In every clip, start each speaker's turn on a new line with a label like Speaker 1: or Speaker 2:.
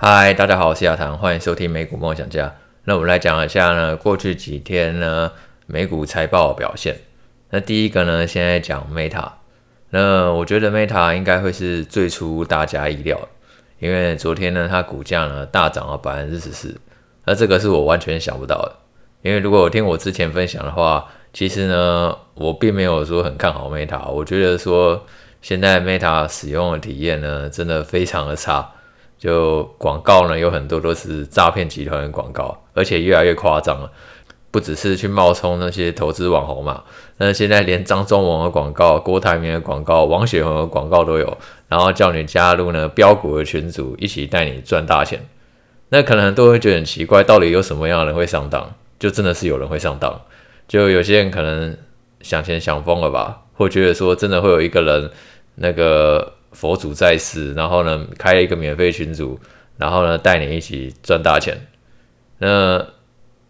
Speaker 1: 嗨，Hi, 大家好，我是雅棠，歡迎收聽美股夢想家。那我們來講一下呢，過去幾天呢美股財報的表現。那第一個呢，現在講 Meta。那我覺得 Meta 應該會是最出大家意料的，因為昨天呢它股價呢大漲了百分之十四，那這個是我完全想不到的。因為如果我聽我之前分享的話，其實呢我並沒有說很看好 Meta。我覺得說現在 Meta 使用的體驗呢真的非常的差。就廣告呢，有很多都是詐騙集團的廣告，而且越來越誇張了。不只是去冒充那些投資網紅嘛，那現在連張忠謀的廣告、郭台銘的廣告、王雪紅的廣告都有，然後叫你加入呢飆股的群組，一起帶你賺大錢。那可能都會覺得很奇怪，到底有什麼樣的人會上當？就真的是有人會上當，就有些人可能想錢想瘋了吧，或覺得說真的會有一個人那個。佛祖在世，然後呢，開了一個免費群組，然後呢，帶你一起賺大錢。那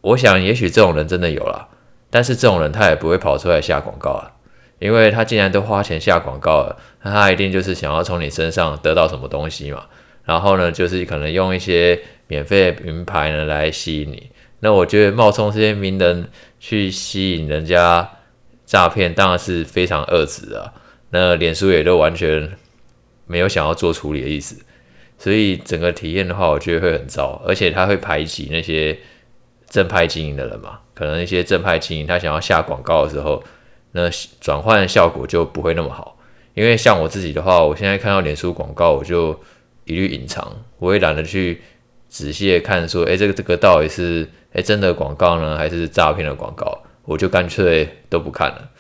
Speaker 1: 我想，也許這種人真的有啦，但是這種人他也不會跑出來下廣告啊，因為他既然都花錢下廣告了，那他一定就是想要從你身上得到什麼東西嘛。然後呢，就是可能用一些免費的名牌呢來吸引你。那我覺得冒充這些名人去吸引人家詐騙，當然是非常惡質的。那臉書也都完全。沒有想要做處理的意思，所以整個體驗的話，我覺得會很糟，而且他會排擠那些正派經營的人嘛。可能一些正派經營，他想要下廣告的時候，那轉換效果就不會那麼好。因為像我自己的話，我現在看到臉書廣告，我就一律隱藏，我也懶得去仔細的看，說，哎，這個這個到底是，誒，真的廣告呢，還是詐騙的廣告？我就乾脆都不看了。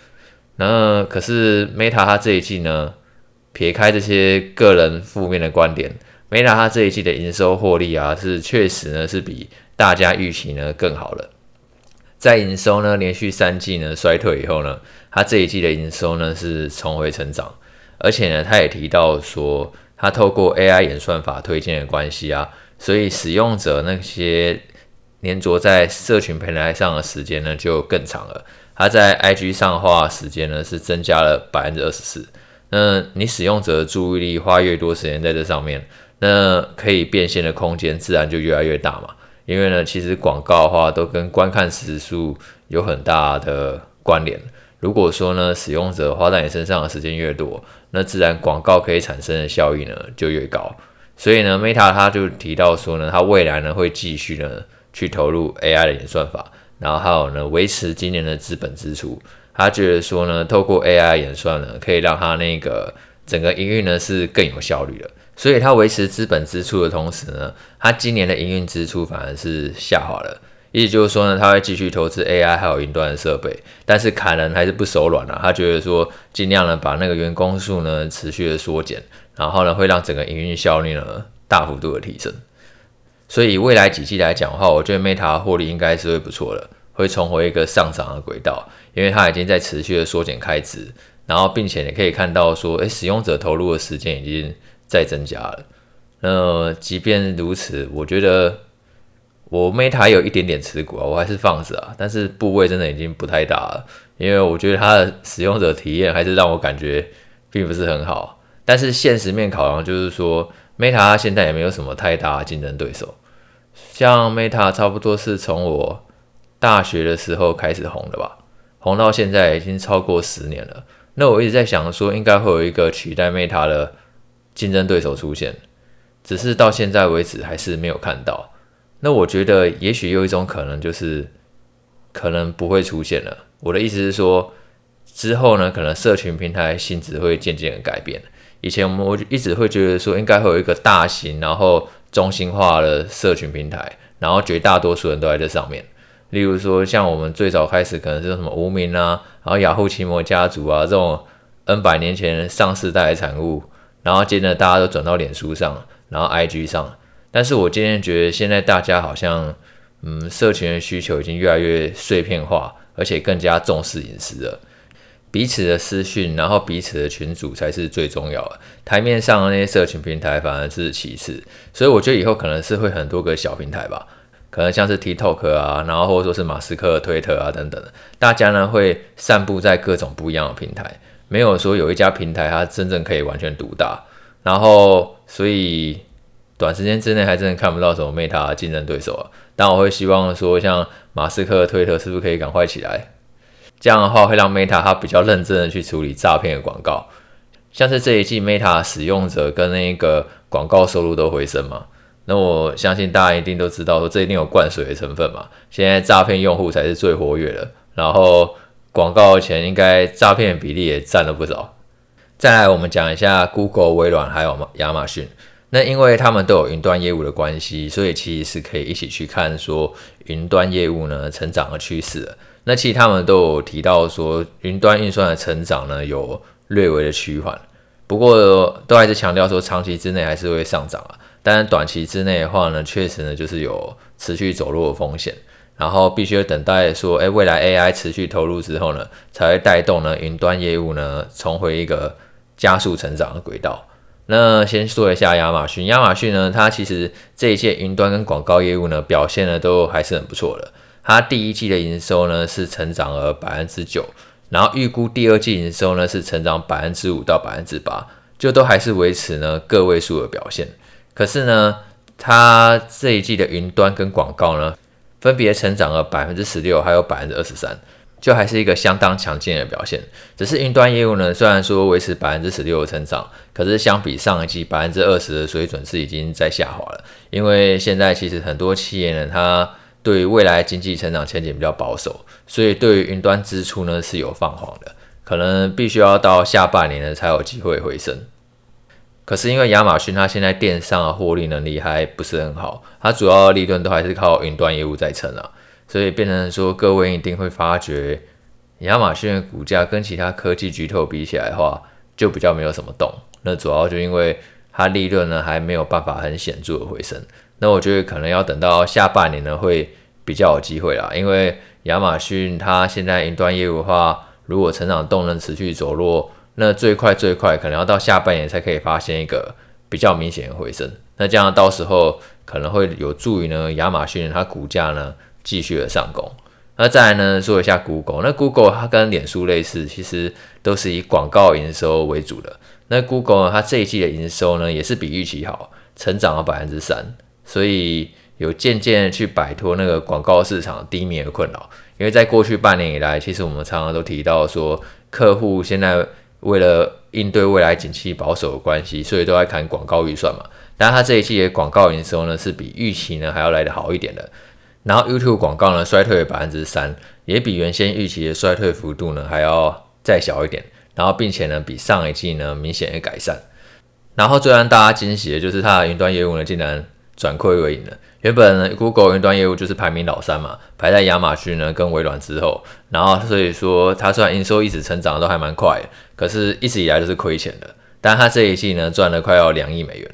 Speaker 1: 那可是 Meta 它這一季呢？撇開這些個人負面的觀點，Meta 他這一季的營收獲利啊，是確實呢是比大家預期呢更好了。在營收呢連續三季呢衰退以後呢，他這一季的營收呢是重回成長，而且呢他也提到說，他透過 AI 演算法推薦的關係啊，所以使用者那些黏着在社群平台上的時間呢就更長了。他在 IG 上花的時間呢是增加了百分之二十四。那你使用者的注意力花越多時間在這上面，那可以變現的空間自然就越來越大嘛。因為呢，其實廣告的話都跟觀看時數有很大的關聯。如果說呢，使用者花在你身上的時間越多，那自然廣告可以產生的效益呢就越高。所以呢，Meta 他就提到說呢，他未來呢會繼續呢去投入 AI 的演算法，然後還有呢維持今年的資本支出。他覺得說呢，透過 AI 演算呢，可以讓他那個整個營運呢是更有效率的，所以他維持資本支出的同時呢，他今年的營運支出反而是下滑了。意思就是說呢，他會繼續投資 AI 還有雲端的設備，但是砍人還是不手軟了啊，他覺得說，盡量呢把那個員工數呢持續的縮減，然後呢會讓整個營運效率呢大幅度的提升。所以，以未來幾季來講的話，我覺得 Meta 獲利應該是會不錯的。會重回一個上漲的軌道，因為它已經在持續的縮減開支，然後並且你可以看到說，欸，使用者投入的時間已經在增加了。那即便如此，我覺得我 Meta 有一點點持股啊，我還是放着啊，但是部位真的已經不太大了，因為我覺得它的使用者體驗還是讓我感覺並不是很好。但是現實面考量就是說，Meta 現在也沒有什麼太大的競爭對手，像 Meta 差不多是從我。大學的時候開始紅的吧，紅到現在已經超過十年了。那我一直在想說，應該會有一個取代 Meta 的競爭對手出現，只是到現在為止還是沒有看到。那我覺得，也許有一種可能就是，可能不會出現了。我的意思是說，之後呢，可能社群平台性質會漸漸的改變。以前我們我一直會覺得說，應該會有一個大型然後中心化的社群平台，然後絕大多數人都在這上面。例如說，像我們最早開始可能是什麼無名啊，然後雅虎、ah、奇摩家族啊這種 N 百年前上世代的產物，然後接着大家都轉到臉書上，然後 IG 上。但是我今天覺得現在大家好像，嗯，社群的需求已經越來越碎片化，而且更加重視隱私了，彼此的私訊，然後彼此的群組才是最重要的，台面上的那些社群平台反而是其次。所以我覺得以後可能是會很多個小平台吧。可能像是 TikTok 啊，然後或者說是馬斯克的推特啊等等的，大家呢會散布在各種不一樣的平台，沒有說有一家平台它真正可以完全獨大。然後所以短時間之內還真的看不到什麼 Meta 競爭對手啊。但我會希望說，像馬斯克的推特是不是可以趕快起來？這樣的話會讓 Meta 它比較認真的去處理詐騙的廣告。像是這一季 Meta 使用者跟那個廣告收入都回升嘛？那我相信大家一定都知道，說這一定有灌水的成分嘛。現在詐騙用戶才是最活躍的，然後廣告的錢應該詐騙的比例也佔了不少。再來，我們講一下 Google、微軟還有亞馬遜。那因為他們都有雲端業務的關係，所以其實是可以一起去看說雲端業務呢成長的趨勢。那其實他們都有提到說，雲端運算的成長呢有略微的趨緩，不過都還是強調說長期之內還是會上漲啊。但短期之內的話呢，確實呢就是有持續走弱的風險，然後必須要等待說，哎、欸，未來 AI 持續投入之後呢，才會帶動呢雲端業務呢重回一個加速成長的軌道。那先說一下亞馬遜，亞馬遜呢，它其實這一季雲端跟廣告業務呢表現呢都還是很不錯的，它第一季的營收呢是成長了百分之九，然後預估第二季營收呢是成長百分之五到百分之八，就都還是維持呢個位數的表現。可是呢，它這一季的雲端跟廣告呢，分別成長了百分之十六，還有百分之二十三，就還是一個相當強勁的表現。只是雲端業務呢，雖然說維持百分之十六的成長，可是相比上一季百分之二十的水準是已經在下滑了。因為現在其實很多企業呢，它對未來經濟成長前景比較保守，所以對於雲端支出呢是有放緩的，可能必須要到下半年呢才有機會回升。可是因為亞馬遜它現在電商的獲利能力還不是很好，它主要的利潤都還是靠雲端業務在撐啊，所以變成說各位一定會發覺，亞馬遜的股價跟其他科技巨頭比起來的話，就比較沒有什麼動。那主要就因為它利潤呢還沒有辦法很顯著的回升，那我覺得可能要等到下半年呢會比較有機會啦，因為亞馬遜它現在雲端業務的話，如果成長動能持續走弱。那最快最快可能要到下半年才可以發現一個比較明顯的回升。那這樣到時候可能會有助於呢，亞馬遜它股價呢繼續的上攻。那再來呢，說一下 google，那 google 它跟臉書類似，其實都是以廣告營收為主的。那 google 呢，它這一季的營收呢，也是比預期好，成長了百分之三，所以有漸漸去擺脫那個廣告市場的低迷的困擾。因為在過去半年以來，其實我們常常都提到說，客戶現在。為了應對未來景氣保守的關係，所以都在砍廣告預算嘛。當然它這一季的廣告營收呢，是比預期呢還要來得好一點的。然後 YouTube 廣告呢衰退了百分之三，也比原先預期的衰退幅度呢還要再小一點。然後並且呢比上一季呢明顯也改善。然後最讓大家驚喜的就是它的雲端業務呢竟然轉虧為盈了。原本呢 Google 雲端業務就是排名老三嘛，排在亞馬遜呢跟微軟之後，然後所以說它雖然營收一直成長都還蠻快的，可是一直以來都是虧錢的。但它這一季呢賺了快要兩億美元，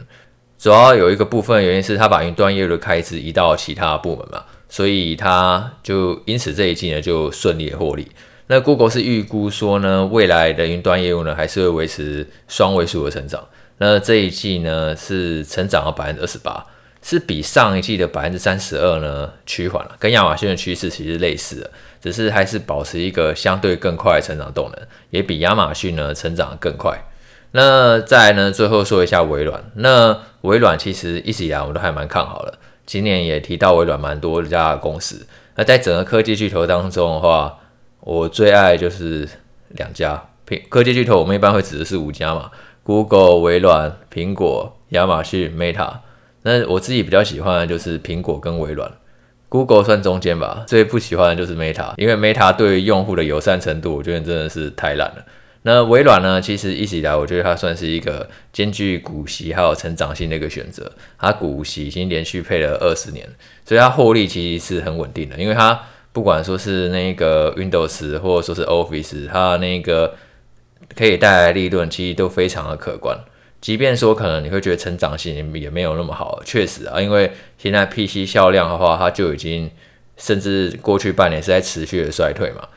Speaker 1: 主要有一個部分原因是它把雲端業務的開支移到其他部門嘛，所以它就因此這一季呢就順利的獲利。那 Google 是預估說呢未來的雲端業務呢還是會維持雙位數的成長，那這一季呢是成長了百分之二十八。是比上一季的百分之三十二呢趨緩了，跟亞馬遜的趨勢其實類似了，只是還是保持一個相對更快的成長動能，也比亞馬遜呢成長得更快。那再來呢最後說一下微軟，那微軟其實一直以來我們都還蠻看好的，今年也提到微軟蠻多家的公司。那在整個科技巨頭當中的話，我最愛就是兩家。科技巨頭我們一般會指的是五家嘛，Google、微軟、蘋果、亞馬遜、Meta。那我自己比較喜歡的就是蘋果跟微軟，Google 算中間吧。最不喜歡的就是 Meta，因為 Meta 對於用戶的友善程度，我覺得真的是太爛了。那微軟呢，其實一直以來，我覺得它算是一個兼具股息還有成長性的一個選擇。它股息已經連續配了二十年，所以它獲利其實是很穩定的。因為它不管說是那個 Windows，或者說是 Office，它的那個可以帶來利潤，其實都非常的可觀。即便說可能你會覺得成長性也沒有那麼好，確實啊，因為現在 PC 銷量的話，它就已經甚至過去半年是在持續的衰退嘛。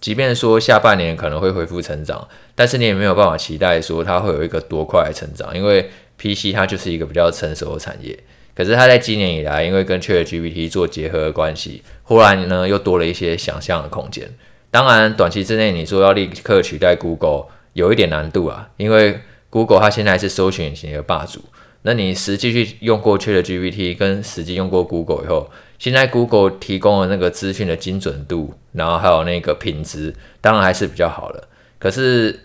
Speaker 1: 即便說下半年可能會恢復成長，但是你也沒有辦法期待說它會有一個多快的成長，因為 PC 它就是一個比較成熟的產業。可是它在今年以來，因為跟 ChatGPT 做結合的關係，忽然呢又多了一些想象的空間。當然，短期之內你說要立刻取代 Google 有一點難度啊，因為。Google 它現在是搜尋引擎的霸主，那你實際去用過 ChatGPT，跟實際用過 Google 以後，現在 Google 提供的那個資訊的精準度，然後還有那個品質，當然還是比較好的。可是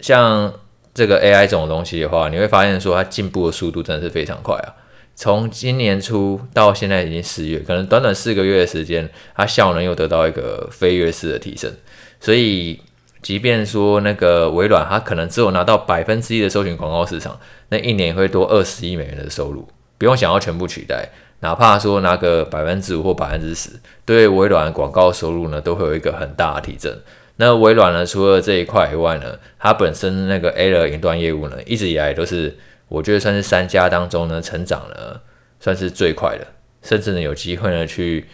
Speaker 1: 像這個 AI 這種東西的話，你會發現說它進步的速度真的是非常快啊！從今年初到現在已經四月，可能短短四個月的時間，它效能又得到一個飛躍式的提升，所以。即便說那個微軟，它可能只有拿到百分之一的搜尋廣告市場，那一年會多二十億美元的收入。不用想要全部取代，哪怕說拿個百分之五或百分之十，對微軟的廣告收入呢，都會有一個很大的提振。那微軟呢，除了這一塊以外呢，它本身那個 Azure 雲端業務呢，一直以來都是我覺得算是三家當中呢，成長呢算是最快的，甚至呢有機會呢去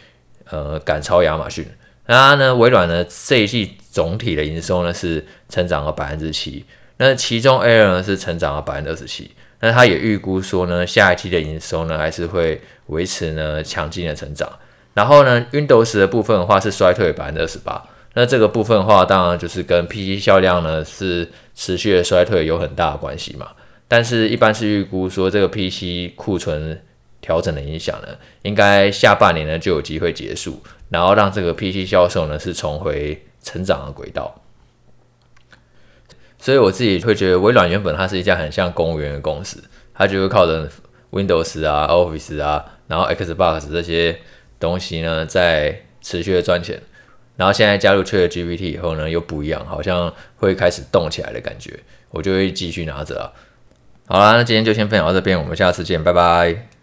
Speaker 1: 呃趕超亞馬遜。那呢，微軟呢這一季總體的營收呢是成長了百分之七，那其中 AI 呢是成長了百分之二十七，那它也預估說呢下一期的營收呢還是會維持呢強勁的成長。然後呢，Windows 的部分的話是衰退百分之二十八，那這個部分的話當然就是跟 PC 銷量呢是持續的衰退有很大的關係嘛。但是一般是預估說這個 PC 庫存調整的影響呢，應該下半年呢就有機會結束。然後讓這個 PC 銷售呢是重回成長的軌道，所以我自己會覺得微軟，原本它是一家很像公務員的公司，它就會靠着 Windows 啊、Office 啊，然後 Xbox 這些東西呢在持續的賺錢，然後現在加入 ChatGPT 以後呢又不一樣，好像會開始動起來的感覺，我就會繼續拿着了。好啦，那今天就先分享到這邊，我們下次見，拜拜。